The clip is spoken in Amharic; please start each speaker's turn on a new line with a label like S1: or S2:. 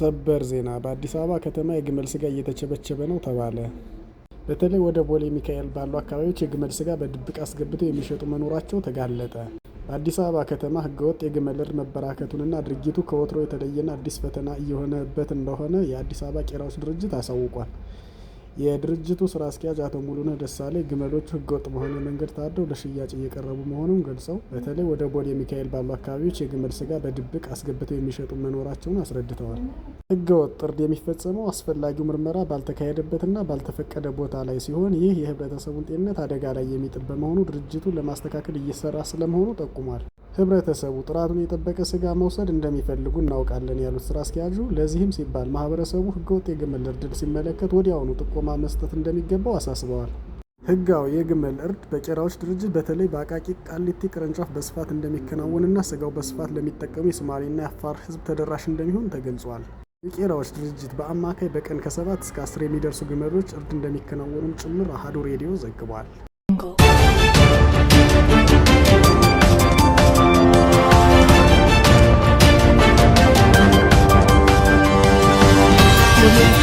S1: ሰበር ዜና በአዲስ አበባ ከተማ የግመል ስጋ እየተቸበቸበ ነው ተባለ። በተለይ ወደ ቦሌ ሚካኤል ባሉ አካባቢዎች የግመል ስጋ በድብቅ አስገብተው የሚሸጡ መኖራቸው ተጋለጠ። በአዲስ አበባ ከተማ ህገወጥ የግመልር መበራከቱንና ድርጊቱ ከወትሮ የተለየና አዲስ ፈተና እየሆነበት እንደሆነ የአዲስ አበባ ቄራዎች ድርጅት አሳውቋል። የድርጅቱ ስራ አስኪያጅ አቶ ሙሉነህ ደሳሌ ግመሎቹ ህገወጥ በሆነ መንገድ ታደው ለሽያጭ እየቀረቡ መሆኑን ገልጸው በተለይ ወደ ቦሌ ሚካኤል ባሉ አካባቢዎች የግመል ስጋ በድብቅ አስገብተው የሚሸጡ መኖራቸውን አስረድተዋል። ህገወጥ ጥርድ የሚፈጸመው አስፈላጊው ምርመራ ባልተካሄደበትና ባልተፈቀደ ቦታ ላይ ሲሆን ይህ የህብረተሰቡን ጤንነት አደጋ ላይ የሚጥል በመሆኑ ድርጅቱ ለማስተካከል እየሰራ ስለመሆኑ ጠቁሟል። ህብረተሰቡ ጥራቱን የጠበቀ ስጋ መውሰድ እንደሚፈልጉ እናውቃለን ያሉት ስራ አስኪያጁ፣ ለዚህም ሲባል ማህበረሰቡ ህገወጥ የግመል እርድን ሲመለከት ወዲያውኑ ጥቆማ መስጠት እንደሚገባው አሳስበዋል። ህጋዊ የግመል እርድ በቄራዎች ድርጅት በተለይ በአቃቂ ቃሊቲ ቅርንጫፍ በስፋት እንደሚከናወንና ስጋው በስፋት ለሚጠቀሙ የሶማሌና የአፋር ህዝብ ተደራሽ እንደሚሆን ተገልጿል። የቄራዎች ድርጅት በአማካይ በቀን ከሰባት እስከ አስር የሚደርሱ ግመሎች እርድ እንደሚከናወኑም ጭምር አሀዱ ሬዲዮ ዘግቧል። to live